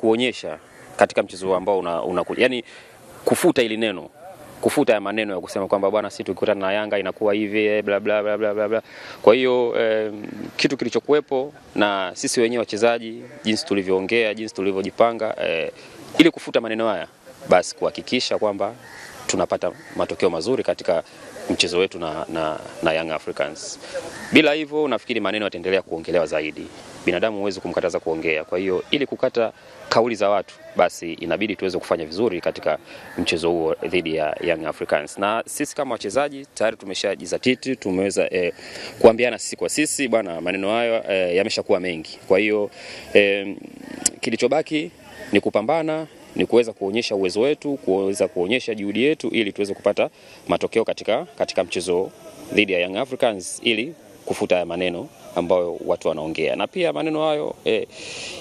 kuonyesha katika mchezo ambao unakuja una, yani kufuta ili neno kufuta ya maneno ya kusema kwamba bwana, sisi tukikutana na Yanga inakuwa hivi eh, bla bla bla bla bla. Kwa hiyo eh, kitu kilichokuwepo na sisi wenyewe wachezaji, jinsi tulivyoongea, jinsi tulivyojipanga eh, ili kufuta maneno haya, basi kuhakikisha kwamba tunapata matokeo mazuri katika mchezo wetu na, na, na Young Africans. Bila hivyo nafikiri maneno yataendelea kuongelewa zaidi. Binadamu huwezi kumkataza kuongea, kwa hiyo ili kukata kauli za watu, basi inabidi tuweze kufanya vizuri katika mchezo huo dhidi ya Young Africans, na sisi kama wachezaji tayari tumeshajizatiti, tumeweza eh, kuambiana sisi kwa sisi bwana, maneno hayo eh, yameshakuwa mengi, kwa hiyo eh, kilichobaki ni kupambana ni kuweza kuonyesha uwezo wetu, kuweza kuonyesha juhudi yetu ili tuweze kupata matokeo katika, katika mchezo dhidi ya Young Africans ili kufuta haya maneno ambayo watu wanaongea, na pia maneno hayo eh,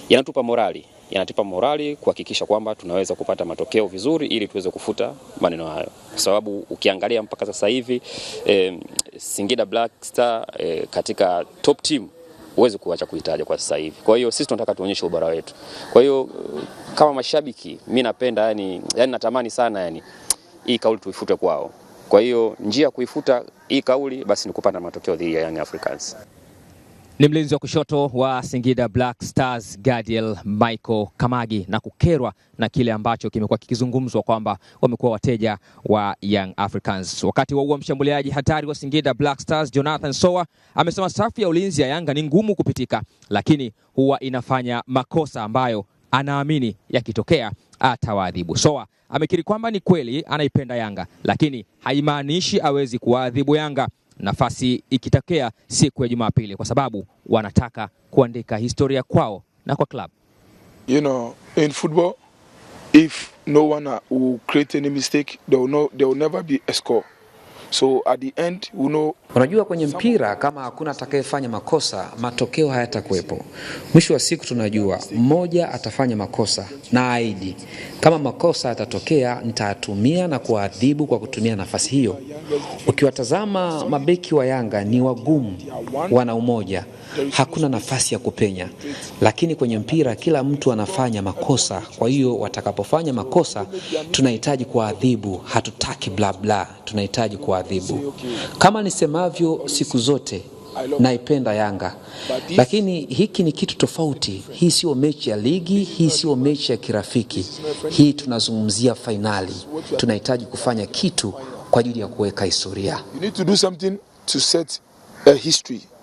yanatupa morali yanatupa morali kuhakikisha kwamba tunaweza kupata matokeo vizuri ili tuweze kufuta maneno hayo, kwa sababu ukiangalia mpaka sasa hivi eh, Singida Black Star eh, katika top team huwezi kuacha kuitaja kwa sasa hivi. Kwa hiyo sisi tunataka tuonyeshe ubora wetu. Kwa hiyo kama mashabiki mi napenda yani, yani natamani sana yani hii kauli tuifute kwao. Kwa hiyo njia ya kuifuta hii kauli basi ni kupata matokeo dhidi ya Young Africans. Ni mlinzi wa kushoto wa Singida Black Stars Gadiel Michael Kamagi na kukerwa na kile ambacho kimekuwa kikizungumzwa kwamba wamekuwa wateja wa Young Africans. Wakati wa huo mshambuliaji hatari wa Singida Black Stars Jonathan Sowa amesema safu ya ulinzi ya Yanga ni ngumu kupitika, lakini huwa inafanya makosa ambayo anaamini yakitokea atawaadhibu. Soa amekiri kwamba ni kweli anaipenda Yanga, lakini haimaanishi awezi kuwaadhibu Yanga nafasi ikitokea siku ya Jumapili, kwa sababu wanataka kuandika historia kwao na kwa klabu. You know, in football if no one will create any mistake there will, no, there will never be a score so at the end we know Unajua, kwenye mpira kama hakuna atakayefanya makosa, matokeo hayatakuwepo. Mwisho wa siku tunajua mmoja atafanya makosa, na aidi kama makosa yatatokea, nitayatumia na kuadhibu kwa kutumia nafasi hiyo. Ukiwatazama mabeki wa Yanga ni wagumu, wana umoja, hakuna nafasi ya kupenya, lakini kwenye mpira kila mtu anafanya makosa. Kwa hiyo watakapofanya makosa, tunahitaji kuadhibu, hatutaki bla, tunahitaji kuadhibu kama nisema nisemavyo siku zote naipenda Yanga, lakini hiki ni kitu tofauti. Hii sio mechi ya ligi, hii sio mechi ya kirafiki, hii tunazungumzia fainali. Tunahitaji kufanya kitu kwa ajili ya kuweka historia. You need to do something to set a history.